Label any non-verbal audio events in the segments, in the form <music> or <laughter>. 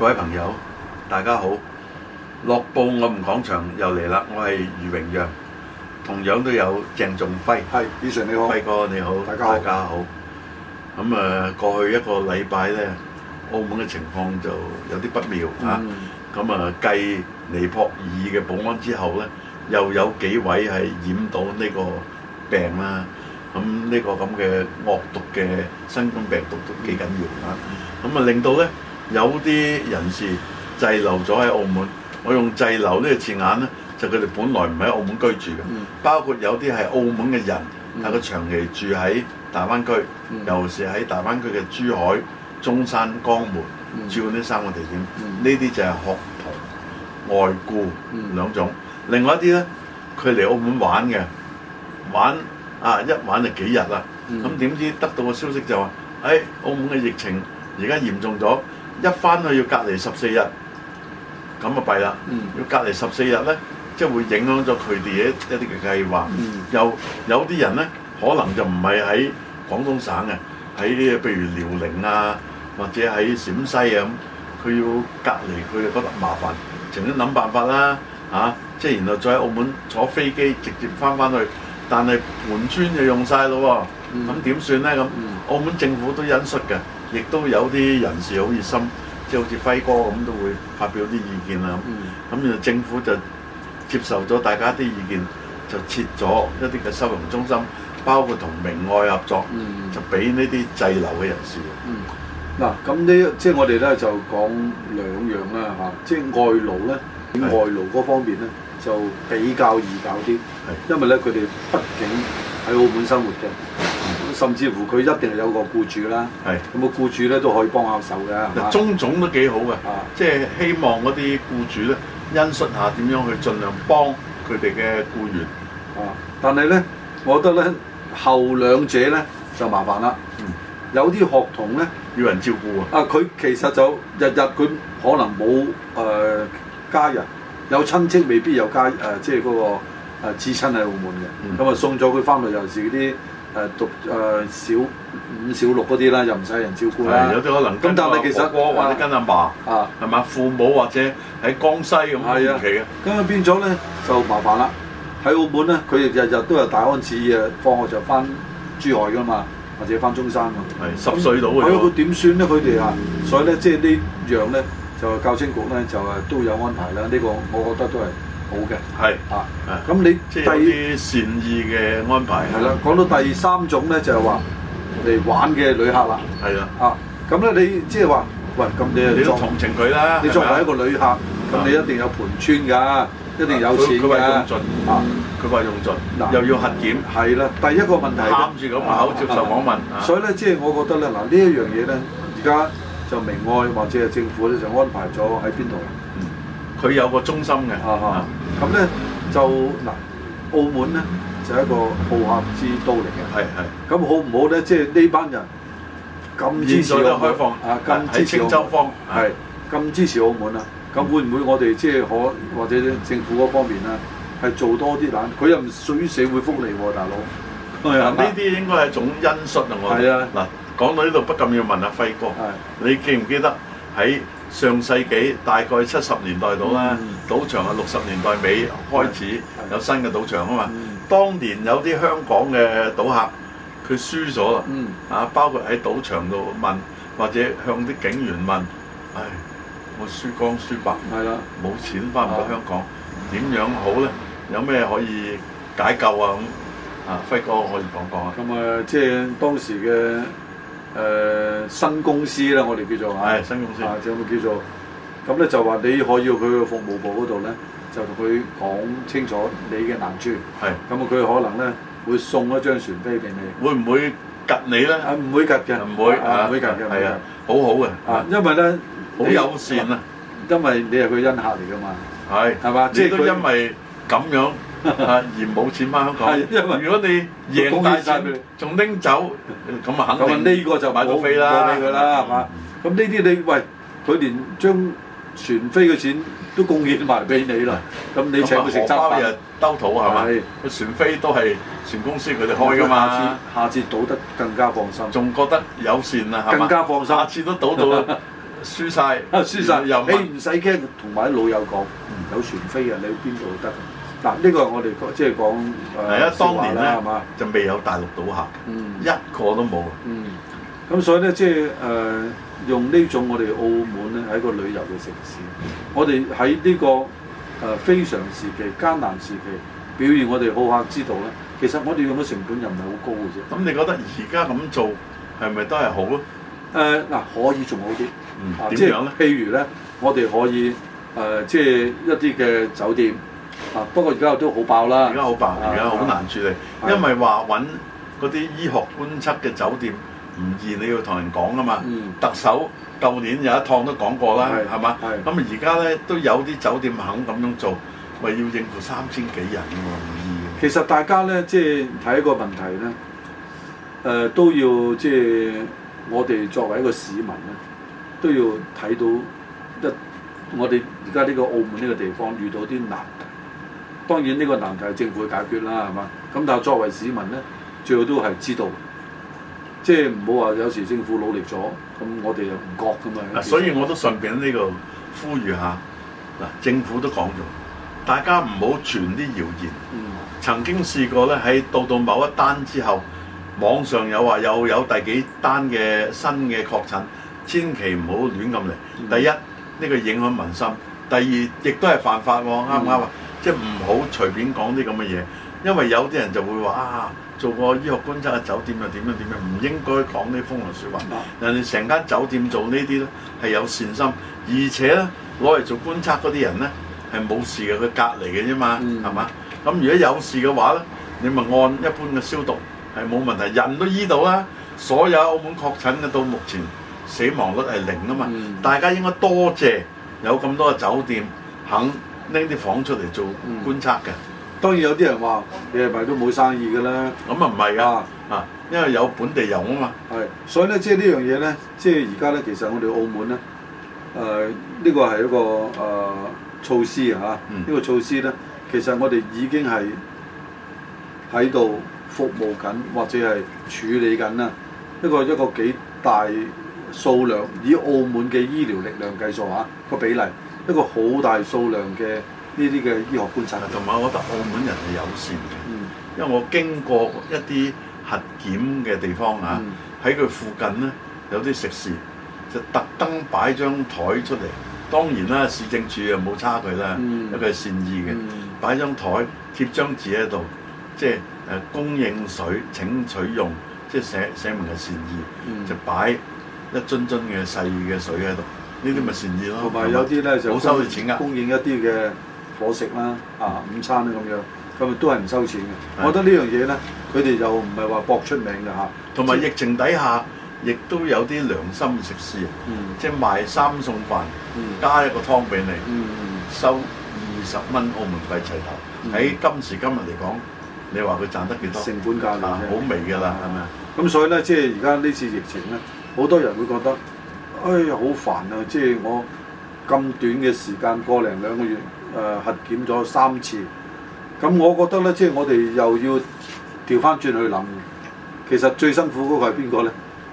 各位朋友，大家好！樂報我們講場又嚟啦，我係余榮陽，同樣都有鄭仲輝，係醫生你好，輝哥你好，大家好。咁啊，過去一個禮拜呢，澳門嘅情況就有啲不妙、嗯、啊。咁啊，繼尼泊爾嘅保安之後呢，又有幾位係染到呢個病啦。咁、啊、呢、這個咁嘅惡毒嘅新冠病毒都幾緊要啊。咁、嗯、啊、嗯，令到呢。有啲人士滯留咗喺澳門，我用滯留呢個字眼呢，就佢哋本來唔喺澳門居住嘅，包括有啲係澳門嘅人，但佢長期住喺大灣區，尤其是喺大灣區嘅珠海、中山、江門，主要呢三個地點，呢啲就係學徒、外僱兩種。另外一啲呢，佢嚟澳門玩嘅，玩啊，一玩就幾日啦，咁點知得到個消息就話，誒澳門嘅疫情而家嚴重咗。一翻去要隔離十四日，咁就弊啦。要、嗯、隔離十四日咧，即係會影響咗佢哋嘅一啲嘅計劃。嗯、又有啲人咧，可能就唔係喺廣東省嘅，喺呢譬如遼寧啊，或者喺陝西啊咁，佢要隔離，佢又覺得麻煩，情願諗辦法啦嚇、啊。即係然後再喺澳門坐飛機直接翻翻去，但係盤川就用晒咯喎。咁點算呢？咁澳門政府都忍術嘅，亦都有啲人士好熱心，即係好似輝哥咁都會發表啲意見啦。咁咁然後政府就接受咗大家啲意見，就設咗一啲嘅收容中心，包括同明愛合作，嗯、就俾呢啲滯留嘅人士。嗱、嗯，咁呢即係我哋咧就講兩樣啦嚇，即係外勞呢，外勞嗰方面呢是就比較易搞啲，是因為呢，佢哋畢竟喺澳門生活嘅。甚至乎佢一定係有個僱主啦，係咁個僱主咧都可以幫下手嘅。嗱吧，中總都幾好嘅，啊是，即係希望嗰啲僱主咧，欣賞下點樣去盡量幫佢哋嘅僱員。啊，但係咧，我覺得咧後兩者咧就麻煩啦。嗯，有啲學童咧要人照顧啊。啊，佢其實就日日佢可能冇誒、呃、家人，有親戚未必有家誒、呃，即係嗰、那個至親喺澳門嘅。咁啊、嗯，嗯、送咗佢翻去，尤其是嗰啲。誒讀誒小五、小六嗰啲啦，又唔使人照顧啦。有啲可能。咁但係其實我或者跟阿爸啊，係嘛、嗯、父母或者喺江西咁遠期啊。咁啊起變咗咧就麻煩啦。喺澳門咧，佢哋日日都有大安寺啊，放學就返珠海㗎嘛，或者返中山嘛。係十歲到嘅那。咁點算咧？佢哋啊，呢嗯、所以咧，即係呢樣咧，就教青局咧，就誒都有安排啦。呢、呢個我覺得都係。好嘅，係啊，咁你即係啲善意嘅安排。係啦，講到第三種咧，就係話嚟玩嘅旅客啦。係啦，啊，咁咧你即係話，喂，咁你你都同情佢啦。你作為一個旅客，咁你一定有盤川㗎，一定有錢㗎。佢話用盡啊！佢話用盡，又要核檢。係啦，第一個問題咧，攬住個口接受訪問。所以咧，即係我覺得咧，嗱呢一樣嘢咧，而家就明愛或者係政府咧，就安排咗喺邊度？佢有個中心嘅。咁咧就嗱，澳門咧就係一個豪客之都嚟嘅，係係的。咁好唔好咧？即係呢班人咁支持開放，啊，喺青洲方係咁支持澳門啊。咁會唔會我哋即係可或者政府嗰方面咧係做多啲咧？佢又唔屬於社會福利喎、啊，大佬。係啊，呢啲應該係種恩恤啊，我係啊。嗱的，講到呢度不禁要問阿輝哥，的的你記唔記得喺？上世紀大概七十年代到啦，嗯、賭場啊六十年代尾開始有新嘅賭場啊嘛。嗯、當年有啲香港嘅賭客佢輸咗啦，啊、嗯、包括喺賭場度問或者向啲警員問，唉，我輸光輸白，冇的錢翻唔到香港，點的樣好呢？有咩可以解救啊？咁啊，輝哥可以講講啊。咁啊、嗯呃，即係當時嘅。誒新公司啦，我哋叫做係新公司啊，咁啊叫做咁咧就話你可以去佢個服務部嗰度咧，就同佢講清楚你嘅難處，係咁啊佢可能咧會送一張船飛俾你，會唔會及你咧？唔會及嘅，唔會啊唔會及嘅，係啊好好嘅啊，因為咧好友善啊，因為你係佢恩客嚟㗎嘛，係係嘛，即係都因為咁樣。而冇錢翻香港，因為如果你贏大晒，仲拎走，咁啊肯定呢個就買到飛啦，俾佢啦，係嘛？咁呢啲你喂，佢連將船飛嘅錢都貢獻埋俾你啦，咁你請佢食包日兜肚係咪？船飛都係船公司佢哋開噶嘛，下次下次賭得更加放心，仲覺得友善啊，更加放心，下次都賭到輸晒，輸晒又你唔使驚，同埋啲老友講，有船飛啊，你去邊度都得？嗱，呢個我哋即係講誒當年啦，係嘛？就未有大陸賭客，一個都冇。嗯，咁所以咧，即係誒用呢種我哋澳門咧係一個旅遊嘅城市，我哋喺呢個誒非常時期、艱難時期，表現我哋好客之道咧。其實我哋用嘅成本又唔係好高嘅啫。咁你覺得而家咁做係咪都係好咧？誒嗱，可以仲好啲。嗯，點樣咧？譬如咧，我哋可以誒，即係一啲嘅酒店。不過而家都好爆啦，而家好爆，而家好難處理，因為話揾嗰啲醫學觀察嘅酒店唔易，你要同人講啊嘛。嗯、特首舊年有一趟都講過啦，係嘛是？咁而家呢，都有啲酒店肯咁樣做，咪要應付三千幾人嘛，唔易。其實大家呢，即係睇一個問題呢，呃、都要即係我哋作為一個市民呢，都要睇到一我哋而家呢個澳門呢個地方遇到啲難。當然呢個難題係政府去解決啦，係嘛？咁但係作為市民呢，最好都係知道，即係唔好話有時政府努力咗，咁我哋又唔覺咁啊！所以我都順便喺呢度呼籲下，嗱，政府都講咗，大家唔好傳啲謠言。嗯、曾經試過呢，喺到到某一單之後，網上有話有有第幾單嘅新嘅確診，千祈唔好亂咁嚟。第一呢、呢個影響民心，第二亦都係犯法喎，啱唔啱啊？嗯即係唔好隨便講啲咁嘅嘢，因為有啲人就會話啊，做個醫學觀察嘅酒店又點樣點樣，唔應該講啲風涼說話。人哋成間酒店做呢啲呢係有善心，而且呢，攞嚟做觀察嗰啲人呢，係冇事嘅，佢隔離嘅啫嘛，係嘛、嗯？咁如果有事嘅話呢，你咪按一般嘅消毒係冇問題，人都醫到啦。所有澳門確診嘅到目前死亡率係零啊嘛，嗯、大家應該多謝有咁多嘅酒店肯拎啲房出嚟做觀察嘅、嗯，當然有啲人話你係咪都冇生意嘅啦，咁啊唔係啊，啊，因為有本地人啊嘛，係，所以咧即係呢樣嘢咧，即係而家咧，其實我哋澳門咧，誒、呃、呢、這個係一個誒、呃、措施嚇、啊，呢、嗯、個措施咧，其實我哋已經係喺度服務緊或者係處理緊啦，一個一個幾大數量，以澳門嘅醫療力量計數嚇個比例。一個好大數量嘅呢啲嘅醫學觀察同埋我覺得澳門人係友善嘅，嗯、因為我經過一啲核檢嘅地方啊，喺佢、嗯、附近呢，有啲食肆就特登擺張台出嚟，當然啦，市政署又冇差佢啦，一個、嗯、善意嘅擺張台貼張紙喺度，即係誒供應水請取用，即、就、係、係、寫寫明嘅善意，就擺一樽樽嘅細嘅水喺度。呢啲咪善意咯，同埋有啲咧就冇收錢噶，供應一啲嘅伙食啦，啊午餐咧咁樣，咁啊都係唔收錢嘅。我覺得呢樣嘢咧，佢哋就唔係話博出名嘅嚇，同埋疫情底下，亦都有啲良心食肆，即係賣三餸飯，加一個湯俾你，收二十蚊澳門幣齊頭。喺今時今日嚟講，你話佢賺得幾多？成本價啦，好微㗎啦，係咪啊？咁所以咧，即係而家呢次疫情咧，好多人會覺得。哎呀，好煩啊！即係我咁短嘅時間，個零兩個月，誒、呃、核檢咗三次。咁、嗯、我覺得呢，即係我哋又要調翻轉去諗，其實最辛苦嗰個係邊個咧？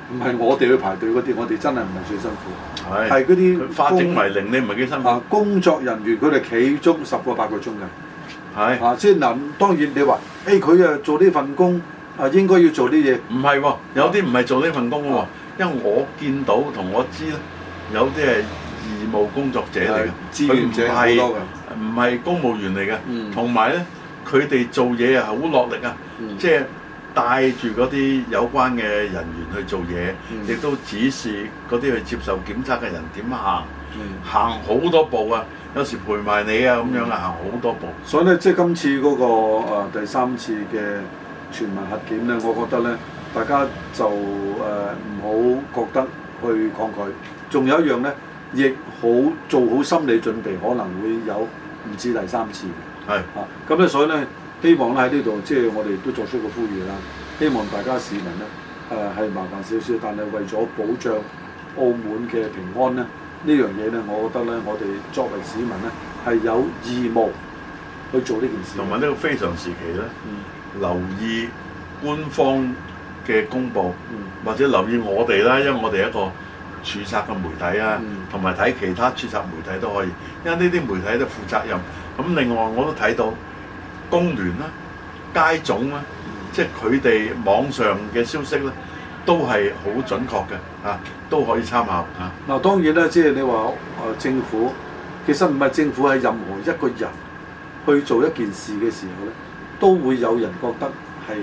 唔係我哋去排隊嗰啲，我哋真係唔係最辛苦。係是。嗰啲。化整為零你，唔係幾辛苦。工作人員佢哋企足十個八個鐘嘅。係是。啊，即係諗，當然你話，哎佢啊做呢份工啊應該要做啲嘢。唔係喎，有啲唔係做呢份工喎。嗯。因為我見到同我知咧，有啲係義務工作者嚟嘅，志願者好多嘅，唔係公務員嚟嘅。同埋咧，佢哋做嘢啊，好落力啊，嗯、即係帶住嗰啲有關嘅人員去做嘢，亦、嗯、都指示嗰啲去接受檢測嘅人點行，嗯、行好多步啊，有時陪埋你啊咁樣啊，行好多步。嗯、所以咧、嗰個，即係今次嗰個第三次嘅全民核檢咧，我覺得咧。 <music> 大家就誒、呃、唔好覺得去抗拒，仲有一樣呢，亦好做好心理準備，可能會有唔止第三次。係是的 啊，咁咧所以呢，希望咧喺呢度，即係我哋都作出個呼籲啦，希望大家市民呢誒係、呃、麻煩少少，但係為咗保障澳門嘅平安呢，呢樣嘢呢，我覺得呢，我哋作為市民呢，係有義務去做呢件事，同埋呢個非常時期呢，嗯、留意官方，嘅公布，或者留意我哋啦，因為我哋一個註冊嘅媒體啊，同埋睇其他註冊媒體都可以，因為呢啲媒體都負責任。咁另外我都睇到工聯啦、街總啦，嗯、即係佢哋網上嘅消息咧，都係好準確嘅，啊，都可以參考嚇。嗱，當然啦，即係你話，誒，政府，其實唔係政府係任何一個人去做一件事嘅時候咧，都會有人覺得係。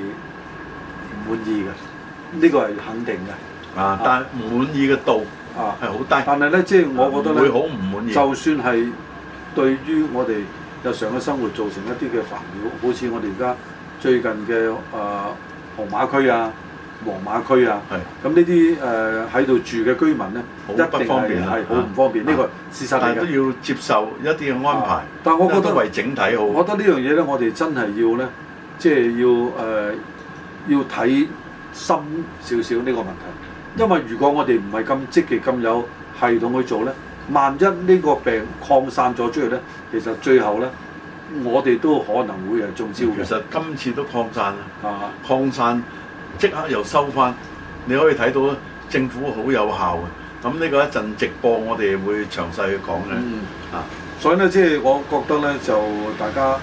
滿意嘅，呢個係肯定嘅。啊，但係滿意嘅度啊係好低。啊、但係咧，即係我覺得會好唔滿意。就算係對於我哋日常嘅生活造成一啲嘅煩擾，好似我哋而家最近嘅誒紅碼區啊、黃碼區啊，係咁呢啲誒喺度住嘅居民咧，一定係係好唔方便。呢個事實，但都要接受一啲嘅安排。啊、但係我覺得為整體好，我覺得呢樣嘢咧，我哋真係要咧，即係要誒。呃呃呃要睇深少少呢個問題，因為如果我哋唔係咁積極、咁有系統去做呢，萬一呢個病擴散咗出去呢，其實最後呢，我哋都可能會係中招。其實今次都擴散啊，擴散即刻又收翻，你可以睇到政府好有效嘅。咁呢個一陣直播我哋會詳細去講嘅。啊、嗯，所以呢，即係我覺得呢，就大家。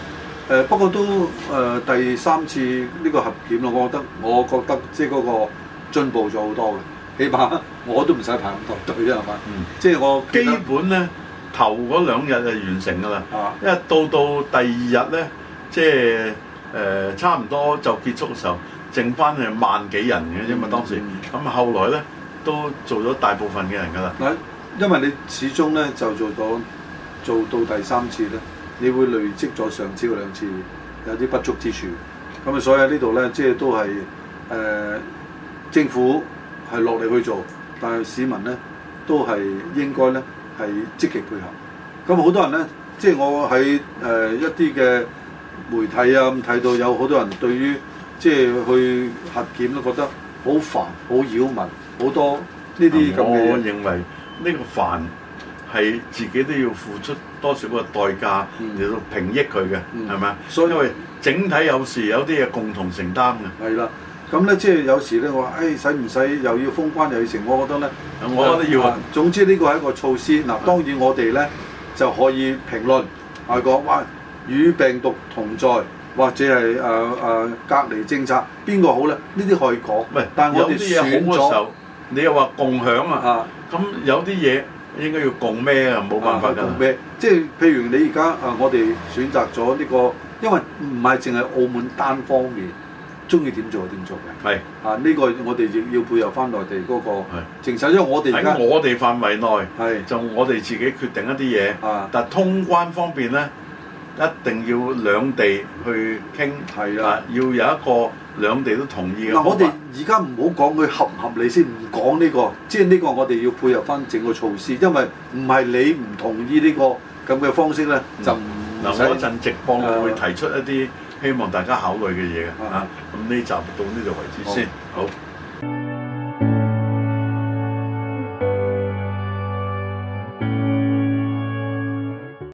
誒不過都誒、呃、第三次呢個核檢咯，我覺得我覺得即係嗰個進步咗好多嘅，起碼我都唔使排咁多隊啦，係嘛？嗯，即係我基本咧頭嗰兩日就完成㗎啦，啊、因為到到第二日咧，即係誒、呃、差唔多就結束嘅時候，剩翻係萬幾人嘅啫嘛，當時，咁、嗯、後來咧都做咗大部分嘅人㗎啦。嗱，因為你始終咧就做咗做到第三次咧。你會累積咗上次嗰兩次有啲不足之處，咁啊，所以呢度呢，即係都係誒、呃、政府係落力去做，但係市民呢，都係應該呢，係積極配合。咁好多人呢，即係我喺誒一啲嘅媒體啊，咁睇到有好多人對於即係去核檢都覺得好煩、好擾民、好多呢啲咁嘅。我認為呢個煩。係自己都要付出多少個代價嚟到平抑佢嘅，係咪啊？所以因為整體有時有啲嘢共同承擔嘅，係啦。咁呢，即係有時呢，我話誒使唔使又要封關又要成？我覺得呢，我覺得要啊。總之呢個係一個措施。嗱，當然我哋呢，就可以評論，話講哇與病毒同在，或者係誒誒隔離政策邊個好呢？呢啲可以講。喂，有啲嘢好嘅時候，你又話共享啊？嚇，咁有啲嘢。應該要共咩啊？冇辦法咩？即係譬如你而家啊，我哋選擇咗呢個，因為唔係淨係澳門單方面中意點做就點做嘅。係是啊，呢個我哋亦要配合翻內地嗰個政策。係是，淨係因為我哋而家喺我哋範圍內，係是就我哋自己決定一啲嘢。啊是，但通關方面咧。一定要兩地去傾，係的啊，要有一個兩地都同意嘅。我哋而家唔好講佢合唔合理先，唔講呢個，即係呢個我哋要配合返整個措施，因為唔係你唔同意呢、呢個咁嘅方式呢、嗯、就唔，嗱，我一陣直播會提出一啲希望大家考慮嘅嘢啊。咁呢集到呢度為止先，嗯、好。好。